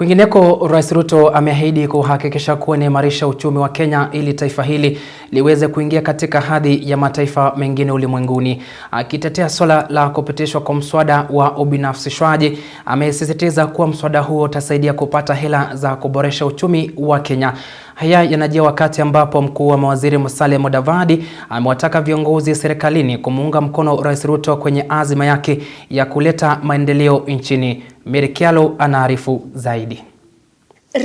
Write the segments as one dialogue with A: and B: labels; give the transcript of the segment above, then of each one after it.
A: Kwingineko, Rais Ruto ameahidi kuhakikisha kuwa inaimarisha uchumi wa Kenya ili taifa hili liweze kuingia katika hadhi ya mataifa mengine ulimwenguni. Akitetea swala la kupitishwa kwa mswada wa ubinafsishwaji, amesisitiza kuwa mswada huo utasaidia kupata hela za kuboresha uchumi wa Kenya. Haya yanajia wakati ambapo mkuu wa mawaziri Musalia Mudavadi amewataka viongozi serikalini kumuunga mkono Rais Ruto kwenye azima yake ya kuleta maendeleo nchini merikialo anaarifu zaidi.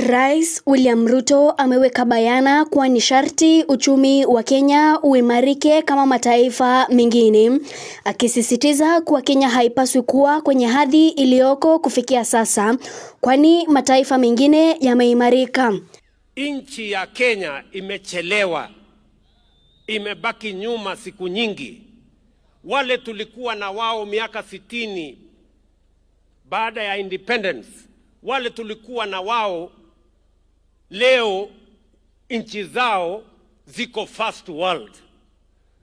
B: Rais William Ruto ameweka bayana kuwa ni sharti uchumi wa Kenya uimarike kama mataifa mengine, akisisitiza kuwa Kenya haipaswi kuwa kwenye hadhi iliyoko kufikia sasa, kwani mataifa mengine yameimarika.
C: Nchi ya Kenya imechelewa, imebaki nyuma siku nyingi. Wale tulikuwa na wao miaka sitini baada ya independence, wale tulikuwa na wao leo nchi zao ziko first world,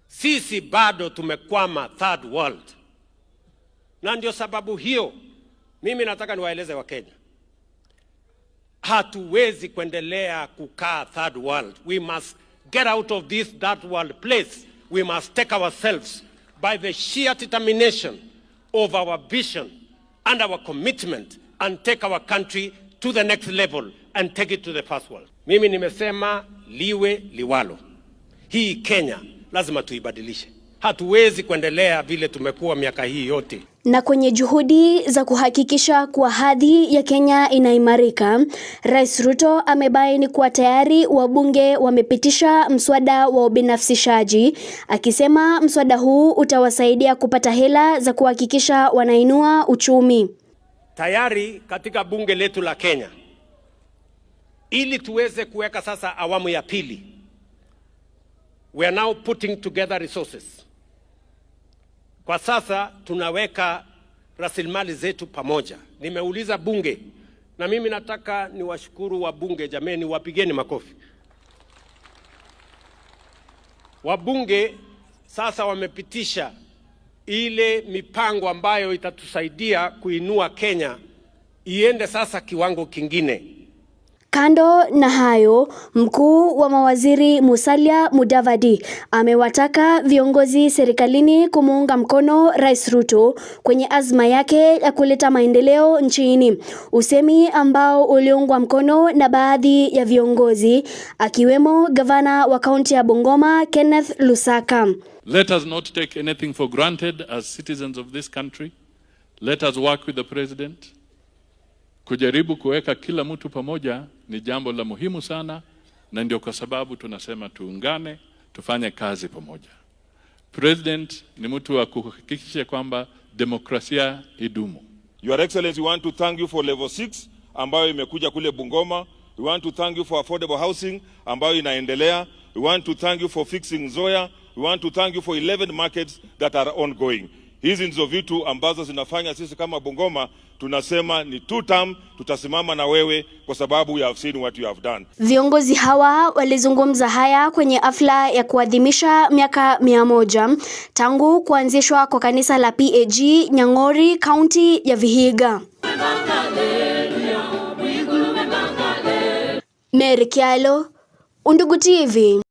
C: sisi bado tumekwama third world. Na ndio sababu hiyo mimi nataka niwaeleze Wakenya, hatuwezi kuendelea kukaa third world. We must get out of this third world place. We must take ourselves by the sheer determination of our vision and our commitment and take our country to the next level and take it to the first world. Mimi nimesema liwe liwalo, hii Kenya lazima tuibadilishe hatuwezi kuendelea vile tumekuwa miaka hii yote.
B: Na kwenye juhudi za kuhakikisha kuwa hadhi ya Kenya inaimarika, Rais Ruto amebaini kuwa tayari wabunge wamepitisha mswada wa ubinafsishaji, akisema mswada huu utawasaidia kupata hela za kuhakikisha wanainua uchumi.
C: Tayari katika bunge letu la Kenya, ili tuweze kuweka sasa awamu ya pili, we are now putting together resources kwa sasa tunaweka rasilimali zetu pamoja. Nimeuliza bunge na mimi nataka niwashukuru wabunge. Jameni, wapigeni makofi. Wabunge sasa wamepitisha ile mipango ambayo itatusaidia kuinua Kenya iende sasa kiwango kingine.
B: Kando na hayo, mkuu wa mawaziri Musalia Mudavadi amewataka viongozi serikalini kumuunga mkono Rais Ruto kwenye azma yake ya kuleta maendeleo nchini, usemi ambao uliungwa mkono na baadhi ya viongozi akiwemo gavana wa kaunti ya Bungoma Kenneth Lusaka.
D: Let us not take anything for granted as citizens of this country. Let us work with the president Kujaribu kuweka kila mtu pamoja ni jambo la muhimu sana, na ndio kwa sababu tunasema tuungane, tufanye kazi pamoja. President ni mtu wa kuhakikisha kwamba demokrasia idumu.
E: Your Excellency, we want to thank you for level 6 ambayo imekuja kule Bungoma. We want to thank you for affordable housing ambayo inaendelea. We want to thank you for fixing Zoya. We want to thank you for 11 markets that are ongoing. Hizi ndizo vitu ambazo zinafanya sisi kama Bungoma tunasema ni tutam, tutasimama na wewe kwa sababu you have seen what you have done.
B: Viongozi hawa walizungumza haya kwenye afla ya kuadhimisha miaka mia moja tangu kuanzishwa kwa kanisa la PAG Nyang'ori, kaunti ya Vihiga. Mary Kyalo, Undugu TV.